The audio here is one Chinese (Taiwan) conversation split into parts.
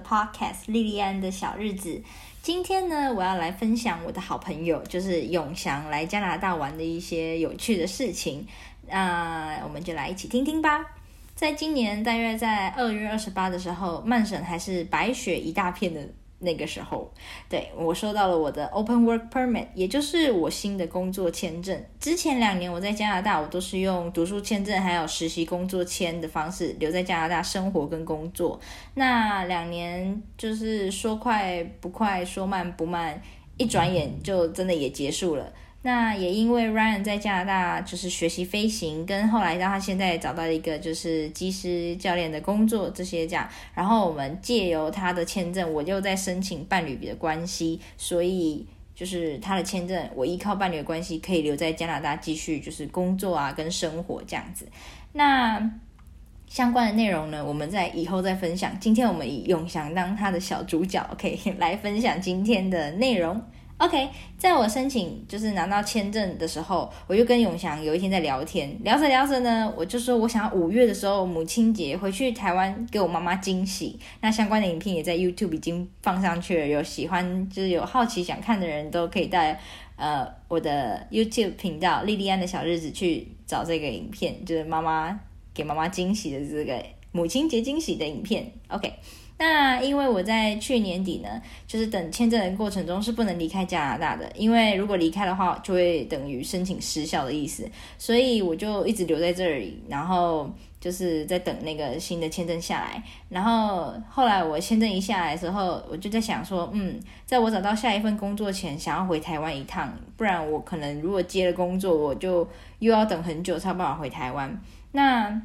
Podcast《莉莉安的小日子》，今天呢，我要來分享我的好朋友，就是永祥來加拿大玩的一些有趣的事情。那、呃、我們就來一起聽聽吧。在今年大約在二月二十八的時候，曼省還是白雪一大片的。那個時候，對，我收到了我的 Open Work Permit，也就是我新的工作簽證。之前兩年我在加拿大，我都是用讀書簽證還有實習工作簽的方式留在加拿大生活跟工作。那兩年就是說快不快，說慢不慢，一轉眼就真的也結束了。那也因為 Ryan 在加拿大就是學習飛行，跟後來讓他現在找到一個就是機師教練的工作這些這樣，然後我們借由他的簽證，我就在申請伴侶的關係，所以就是他的簽證，我依靠伴侶的關係可以留在加拿大繼續就是工作啊跟生活這樣子。那相關的內容呢，我們在以後再分享。今天我們以永祥當他的小主角，OK，來分享今天的內容。OK，在我申請就是拿到簽證的時候，我就跟永祥有一天在聊天，聊着聊着呢，我就說我想要五月的時候母親節回去台灣給我媽媽驚喜。那相關的影片也在 YouTube 已經放上去了，有喜歡就是有好奇想看的人都可以帶，呃我的 YouTube 頻道莉莉安的小日子去找這個影片，就是媽媽給媽媽驚喜的這個母親節驚喜的影片。OK。那因為我在去年底呢，就是等簽證的過程中是不能離開加拿大的，因為如果離開的話，就會等於申請失效的意思，所以我就一直留在這裡，然後就是在等那個新的簽證下來。然後後來我簽證一下來的時候，我就在想說，嗯，在我找到下一份工作前，想要回台灣一趟，不然我可能如果接了工作，我就又要等很久才有辦法回台灣。那。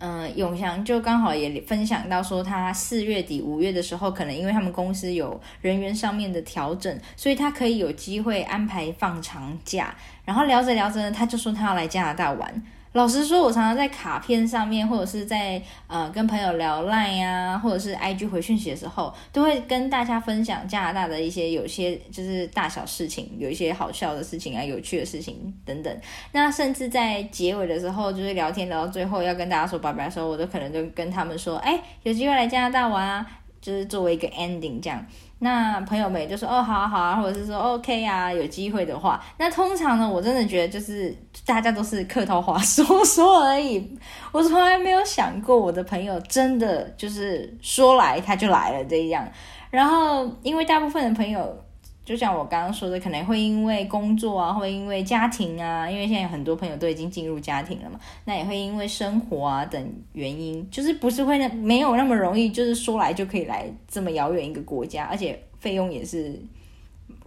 嗯、呃，永祥就剛好也分享到說，他四月底、五月的時候，可能因為他們公司有人員上面的調整，所以他可以有機會安排放長假。然後聊着聊着呢，他就說他要來加拿大玩。老實說，我常常在卡片上面，或者是在呃跟朋友聊 Line 呀、啊，或者是 IG 回訊息的時候，都會跟大家分享加拿大的一些有些就是大小事情，有一些好笑的事情啊、有趣的事情等等。那甚至在結尾的時候，就是聊天聊到最後要跟大家說拜拜的時候，我都可能就跟他們說：“哎、欸，有機會來加拿大玩啊。”就是作為一個 ending 這樣，那朋友們也就說哦，好啊好啊，或者是說 OK 啊，有機會的話。那通常呢，我真的覺得就是大家都是客套話說說而已，我從來沒有想過我的朋友真的就是說來他就來了這樣。然後因為大部分的朋友。就像我剛剛說的，可能會因為工作啊，會因為家庭啊，因為現在有很多朋友都已經進入家庭了嘛，那也會因為生活啊等原因，就是不是會那沒有那麼容易，就是說來就可以來這麼遙遠一個國家，而且費用也是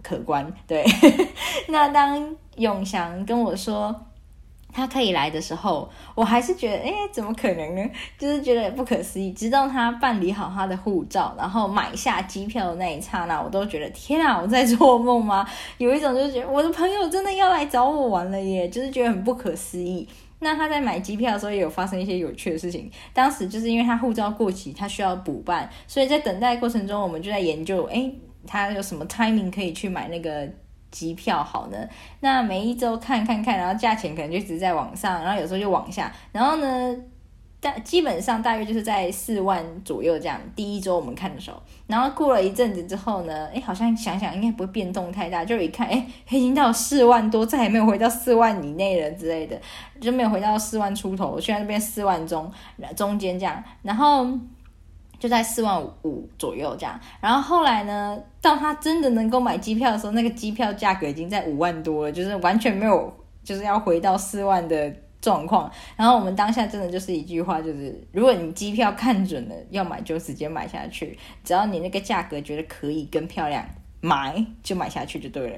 可觀。對， 那當永祥跟我說。他可以來的時候，我還是覺得，哎、欸，怎麼可能呢？就是覺得不可思議。直到他辦理好他的護照，然後買下機票的那一剎那，我都覺得，天啊，我在做夢嗎？有一種就是覺得，我的朋友真的要來找我玩了耶，就是覺得很不可思議。那他在買機票的時候也有發生一些有趣的事情。當時就是因為他護照過期，他需要補辦，所以在等待過程中，我們就在研究，哎、欸，他有什麼 timing 可以去買那個機票好呢，那每一周看看看，然後價錢可能就一直在往上，然後有時候就往下，然後呢，基本上大約就是在四萬左右這樣。第一周我們看的時候，然後過了一陣子之後呢，哎，好像想想應該不會變動太大，就一看，哎，已經到四萬多，再也沒有回到四萬以內了之類的，就沒有回到四萬出頭，我現在變四萬中中間這樣，然後。就在四萬五左右這樣，然後後來呢，到他真的能夠買機票的時候，那個機票價格已經在五萬多了，就是完全沒有，就是要回到四萬的狀況。然後我們當下真的就是一句話，就是如果你機票看準了要買，就直接買下去，只要你那個價格覺得可以跟漂亮，買就買下去就對了，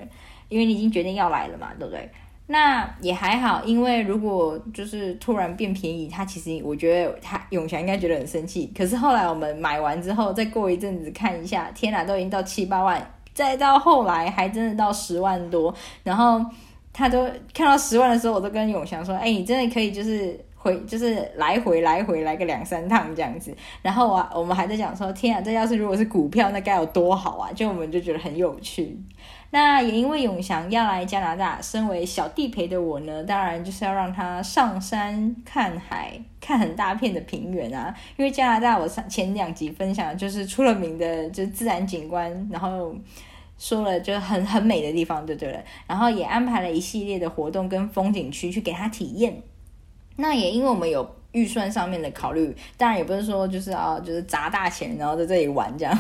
因為你已經決定要來了嘛，對不對？那也還好，因為如果就是突然變便宜，他其實我覺得他永強應該覺得很生氣。可是後來我們買完之後，再過一陣子看一下，天哪，都已經到七八萬，再到後來還真的到十萬多。然後他都看到十萬的時候，我都跟永強說：“欸，你真的可以就是回，就是來回來回來個兩三趟這樣子。”然後啊，我們還在講說：“天啊，這要是如果是股票，那該有多好啊！”就我們就覺得很有趣。那也因為永祥要來加拿大，身為小地陪的我呢，當然就是要讓他上山看海，看很大片的平原啊。因為加拿大，我上前兩集分享就是出了名的，就自然景觀，然後說了就很很美的地方，對對了。然後也安排了一系列的活動跟風景區去給他體驗。那也因為我們有，預算上面的考慮，當然也不是說就是啊、哦，就是砸大錢，然後在這裡玩這樣，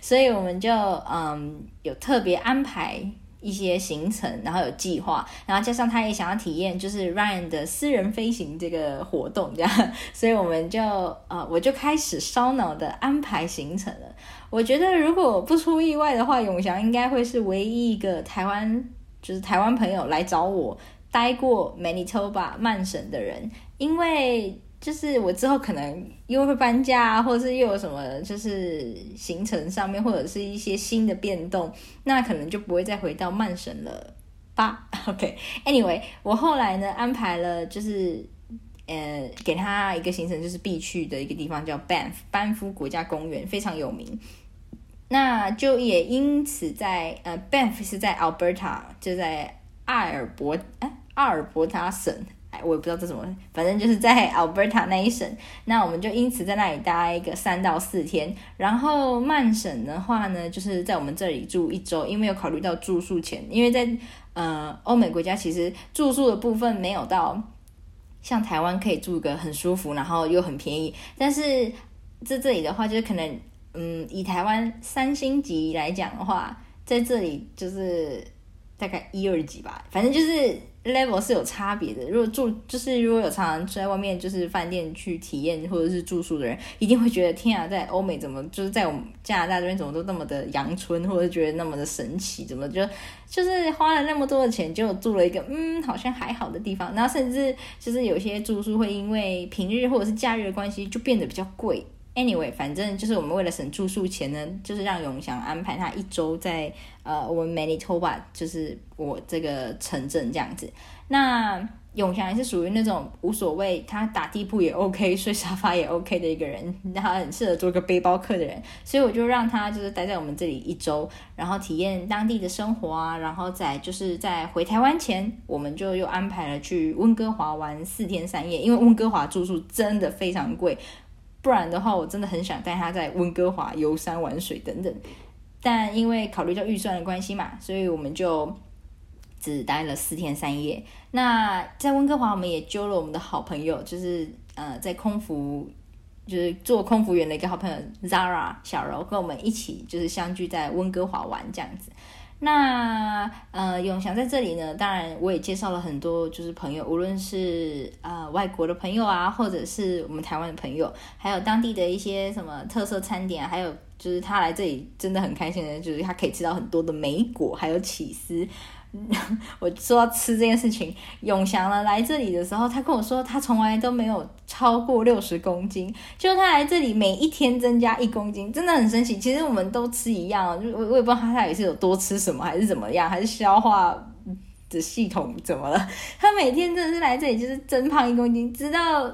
所以我們就嗯有特別安排一些行程，然後有計劃，然後加上他也想要體驗就是 Ryan 的私人飛行這個活動這樣，所以我們就啊、嗯，我就開始燒腦的安排行程了。我覺得如果不出意外的話，永祥應該會是唯一一個台灣就是台灣朋友來找我待過 Manitoba 曼省的人，因為。就是我之後可能又會搬家啊，或者是又有什麼就是行程上面或者是一些新的變動，那可能就不會再回到曼省了吧。OK，Anyway，Okay. 我後來呢安排了就是呃給他一個行程，就是必去的一個地方叫 Banff Banff 班夫國家公園，非常有名。那就也因此在呃 Banff 是在 Alberta 就在阿爾伯、啊、阿爾伯塔省。我也不知道這什麼，反正就是在 Alberta 那一省，那我們就因此在那裡待一個三到四天。然後曼省的話呢，就是在我們這裡住一週，因為有考慮到住宿錢，因為在呃歐美國家其實住宿的部分沒有到像台灣可以住個很舒服，然後又很便宜。但是在這，這裡的話，就是可能嗯以台灣三星級來講的話，在這裡就是大概一二級吧，反正就是。level 是有差別的。如果住就是如果有常常住在外面就是飯店去體驗或者是住宿的人，一定會覺得天啊，在歐美怎麼就是在我們加拿大這邊怎麼都那麼的陽春，或者覺得那麼的神奇，怎麼就就是花了那麼多的錢就住了一個嗯好像還好的地方。然後甚至就是有些住宿會因為平日或者是假日的關係就變得比較貴。Anyway，反正就是我們為了省住宿錢呢，就是讓永祥安排他一周在呃，我們 Manitoba，就是我這個城鎮這樣子。那永祥還是屬於那種無所謂，他打地鋪也 OK，睡沙發也 OK 的一個人，他很適合做個背包客的人。所以我就讓他就是待在我們這裡一周，然後體驗當地的生活啊，然後再就是在回台灣前，我們就又安排了去溫哥華玩四天三夜，因為溫哥華住宿真的非常貴。不然的話，我真的很想帶他在溫哥華遊山玩水等等，但因為考慮到預算的關係嘛，所以我們就只待了四天三夜。那在溫哥華，我們也揪了我們的好朋友，就是呃，在空服就是做空服員的一個好朋友 Zara 小柔，跟我們一起就是相聚在溫哥華玩這樣子。那呃，永祥在這裡呢，當然我也介紹了很多，就是朋友，無論是呃外國的朋友啊，或者是我們台灣的朋友，還有當地的一些什麼特色餐點啊，還有就是他來這裡真的很開心的，就是他可以吃到很多的莓果，還有起司。 我說要吃這件事情，永祥呢，來這裡的時候，他跟我說他從來都沒有超過六十公斤，就他來這裡每一天增加一公斤，真的很神奇。其實我們都吃一樣喔，我也不知道他到底是有多吃什麼，還是怎麼樣，還是消化的系統怎麼了？他每天真的是來這裡就是增胖一公斤，直到。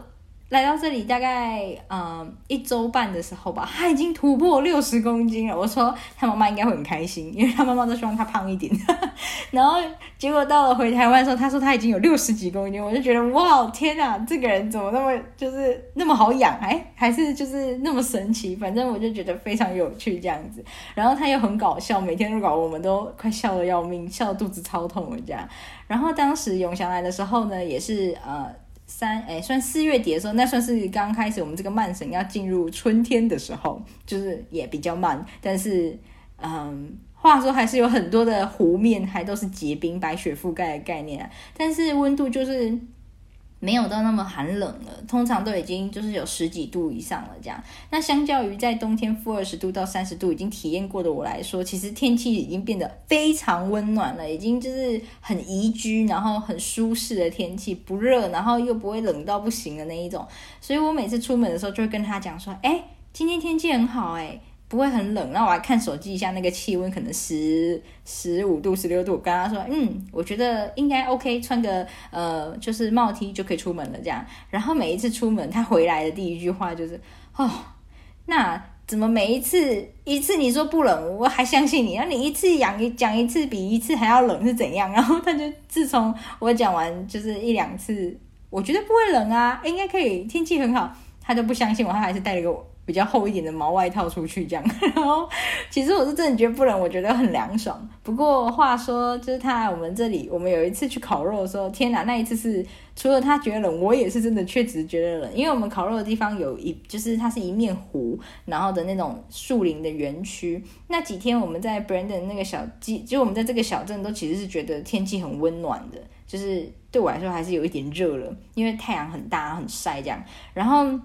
來到這裡大概嗯、呃、一周半的時候吧，他已經突破六十公斤了。我說他媽媽應該會很開心，因為他媽媽都希望他胖一點。 然後結果到了回台灣的時候，他說他已經有六十幾公斤，我就覺得哇天哪、啊，這個人怎麼那麼就是那麼好養？哎，還是就是那麼神奇，反正我就覺得非常有趣這樣子。然後他又很搞笑，每天都搞我們都快笑得要命，笑得肚子超痛這樣。然後當時永祥來的時候呢，也是呃。三哎、欸，算四月底的時候，那算是剛開始，我們這個曼省要進入春天的時候，就是也比較慢，但是，嗯，話說還是有很多的湖面還都是結冰、白雪覆蓋的概念，啊，但是溫度就是。沒有到那麼寒冷了，通常都已經就是有十幾度以上了。這樣，那相較於在冬天負二十度到三十度已經體驗過的我來說，其實天氣已經變得非常溫暖了，已經就是很宜居，然後很舒適的天氣，不熱，然後又不會冷到不行的那一種。所以我每次出門的時候就會跟他講說：“哎，今天天氣很好，欸，哎。”不會很冷，那我來看手機一下，那個氣溫可能十十五度，十六度。我跟他說，嗯，我覺得應該 OK，穿個呃，就是帽 T 就可以出門了這樣。然後每一次出門，他回來的第一句話就是哦，那怎麼每一次一次你說不冷，我還相信你，那你一次講一講一次比一次還要冷是怎樣？然後他就自從我講完就是一兩次，我覺得不會冷啊，應該可以，天氣很好，他都不相信我，他還是帶了一個我比較厚一點的毛外套出去這樣，然後其實我是真的覺得不冷，我覺得很涼爽。不過話說，就是他來我們這裡，我們有一次去烤肉的時候，天哪，那一次是除了他覺得冷，我也是真的確實覺得冷，因為我們烤肉的地方有一就是它是一面湖，然後的那種樹林的園區。那幾天我們在 Brandon 那個小，就我們在這個小鎮都其實是覺得天氣很溫暖的，就是對我來說還是有一點熱了，因為太陽很大很曬這樣，然後。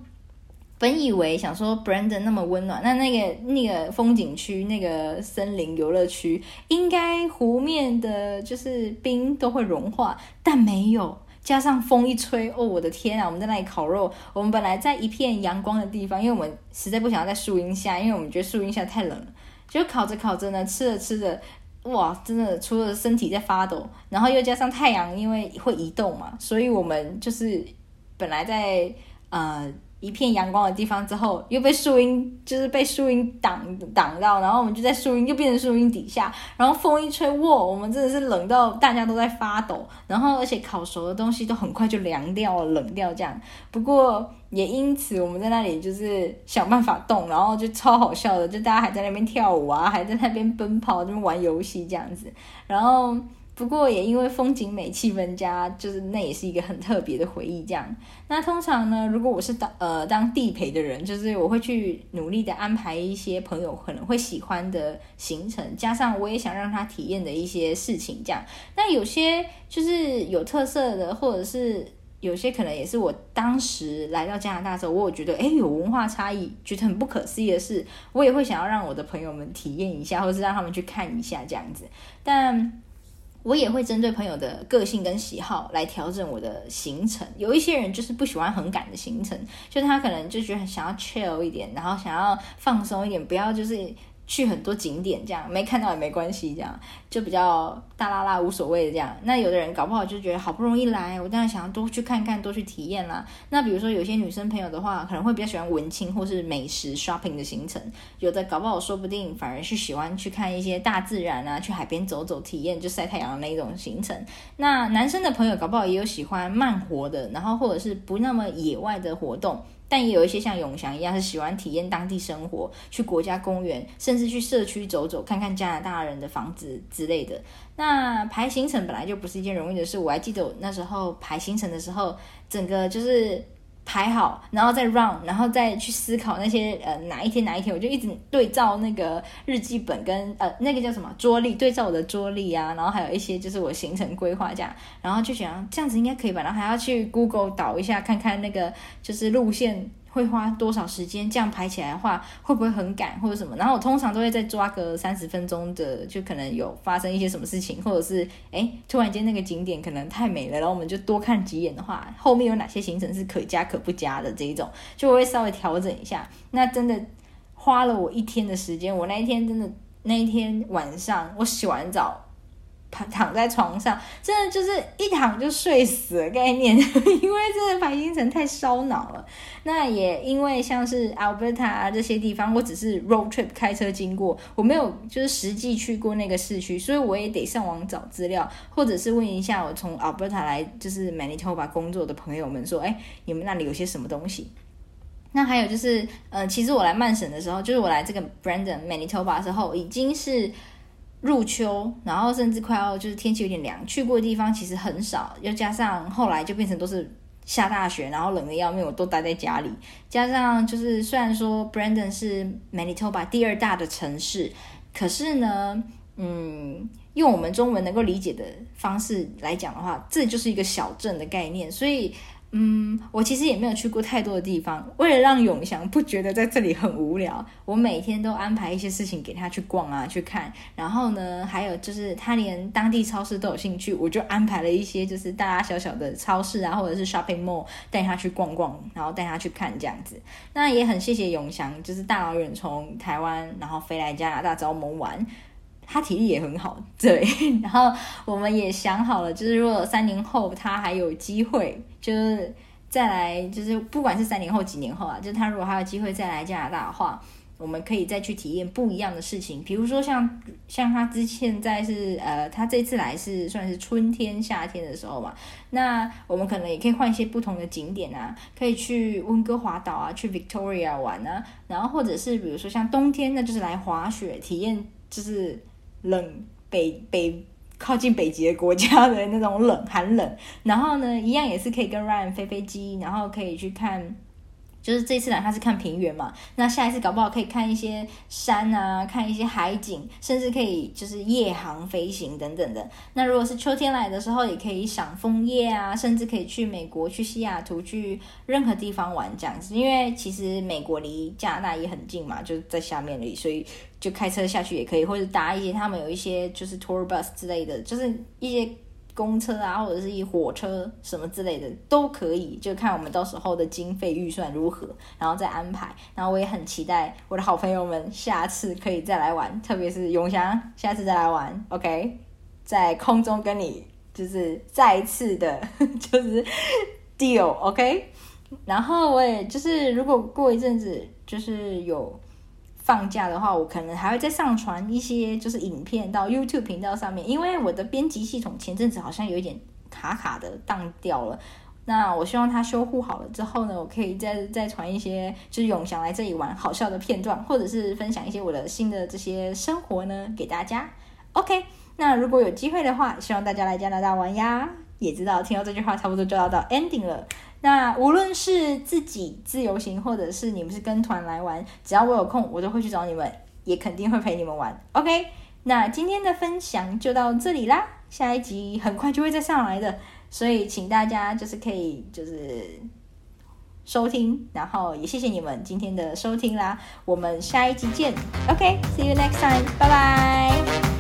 本以為想說 Brandon 那麼溫暖，那那個那個風景區那個森林遊樂區，應該湖面的就是冰都會融化，但沒有。加上風一吹，哦，我的天啊！我們在那裡烤肉，我們本來在一片陽光的地方，因為我們實在不想要在樹蔭下，因為我們覺得樹蔭下太冷了。就烤着烤着呢，吃着吃着，哇，真的除了身體在發抖，然後又加上太陽因為會移動嘛，所以我們就是本來在呃。一片陽光的地方之後，又被樹蔭，就是被樹蔭擋擋到，然後我們就在樹蔭，又變成樹蔭底下，然後風一吹，哇，我們真的是冷到大家都在發抖，然後而且烤熟的東西都很快就涼掉了，冷掉這樣。不過也因此我們在那裡就是想辦法動，然後就超好笑的，就大家還在那邊跳舞啊，還在那邊奔跑，那邊玩遊戲這樣子，然後，不過也因為風景美、氣氛佳，就是那也是一個很特別的回憶。這樣，那通常呢，如果我是當呃當地陪的人，就是我會去努力的安排一些朋友可能會喜歡的行程，加上我也想讓他體驗的一些事情。這樣，那有些就是有特色的，或者是有些可能也是我當時來到加拿大的時候，我有覺得哎、欸、有文化差異，覺得很不可思議的事，我也會想要讓我的朋友們體驗一下，或是讓他們去看一下這樣子，但。我也會針對朋友的個性跟喜好來調整我的行程。有一些人就是不喜歡很趕的行程，就他可能就覺得想要 chill 一點，然後想要放鬆一點，不要就是。去很多景點，這樣沒看到也沒關係，這樣就比較大剌剌、無所謂的這樣。那有的人搞不好就覺得好不容易來，我當然想要多去看看，多去體驗啦。那比如說有些女生朋友的話，可能會比較喜歡文青或是美食 shopping 的行程，有的搞不好說不定反而是喜歡去看一些大自然啊，去海邊走走體驗，就曬太陽的那一種行程。那男生的朋友搞不好也有喜歡慢活的，然後或者是不那麼野外的活動。但也有一些像永祥一樣，是喜歡體驗當地生活，去國家公園，甚至去社區走走，看看加拿大人的房子之類的。那排行程本來就不是一件容易的事，我還記得我那時候排行程的時候，整個就是。排好，然後再 run，然後再去思考那些呃，哪一天哪一天，我就一直對照那個日記本跟呃那個叫什麼桌曆，對照我的桌曆啊，然後還有一些就是我行程規劃這樣，然後就想這樣子應該可以吧，然後還要去 Google 導一下，看看那個就是路線。會花多少時間？這樣排起來的話，會不會很趕或者什麼？然後我通常都會再抓個三十分鐘的，就可能有發生一些什麼事情，或者是誒，突然間那個景點可能太美了，然後我們就多看幾眼的話，後面有哪些行程是可加可不加的這一種，就我會稍微調整一下。那真的花了我一天的時間，我那一天真的，那一天晚上，我洗完澡，躺在床上，真的就是一躺就睡死的概念，因為這個排行程太燒腦了。那也因為像是 Alberta 這些地方，我只是 road trip 開車經過，我沒有就是實際去過那個市區，所以我也得上網找資料，或者是問一下我從 Alberta 來就是 Manitoba 工作的朋友們說，哎、欸，你們那裡有些什麼東西？那還有就是，嗯、呃，其實我來曼省的時候，就是我來這個 Brandon Manitoba 的時候，已經是。入秋，然後甚至快要就是天氣有點涼，去過的地方其實很少，又加上後來就變成都是下大雪，然後冷得要命，我都待在家裡。加上就是雖然說 Brandon 是 Manitoba 第二大的城市，可是呢，嗯，用我們中文能夠理解的方式來講的話，這就是一個小鎮的概念，所以。嗯，我其實也沒有去過太多的地方。為了讓永祥不覺得在這裡很無聊，我每天都安排一些事情給他去逛啊、去看。然後呢，還有就是他連當地超市都有興趣，我就安排了一些就是大大小小的超市啊，或者是 shopping mall，帶他去逛逛，然後帶他去看，這樣子。那也很謝謝永祥，就是大老遠從台灣，然後飛來加拿大找我們玩。他體力也很好，對。然後我們也想好了，就是如果三年後他還有機會，就是再來，就是不管是三年後幾年後啊，就是他如果還有機會再來加拿大的話，我們可以再去體驗不一樣的事情，比如說像像他之前在是呃，他這次來是算是春天夏天的時候嘛，那我們可能也可以換一些不同的景點啊，可以去溫哥華島啊，去 Victoria 玩啊，然後或者是比如說像冬天，那就是來滑雪體驗，就是。冷北北靠近北極的國家的那種冷、寒冷，然後呢，一樣也是可以跟 Ryan 飛飛機，然後可以去看。就是這一次來，它是看平原嘛，那下一次搞不好可以看一些山啊，看一些海景，甚至可以就是夜航飛行等等的。那如果是秋天來的時候，也可以賞楓葉啊，甚至可以去美國、去西雅圖、去任何地方玩這樣子，因為其實美國離加拿大也很近嘛，就在下面裡，所以就開車下去也可以，或者搭一些他們有一些就是 tour bus 之類的，就是一些。公車啊，或者是一火車什麼之類的都可以，就看我們到時候的經費預算如何，然後再安排。然後我也很期待我的好朋友們下次可以再來玩，特別是永祥下次再來玩，OK，在空中跟你就是再一次的，就是 deal，OK。然後我也就是如果過一陣子就是有，放假的話，我可能還會再上傳一些就是影片到 YouTube 頻道上面，因為我的編輯系統前陣子好像有一點卡卡的當掉了。那我希望它修復好了之後呢，我可以再再傳一些就是永祥來這裡玩好笑的片段，或者是分享一些我的新的這些生活呢給大家。OK，那如果有機會的話，希望大家來加拿大玩呀。也知道聽到這句話差不多就要到,到 ending 了。那無論是自己自由行，或者是你們是跟團來玩，只要我有空，我都會去找你們，也肯定會陪你們玩。OK，那今天的分享就到這裡啦，下一集很快就會再上來的，所以請大家就是可以就是收聽，然後也謝謝你們今天的收聽啦，我們下一集見。OK，see you next time，拜拜。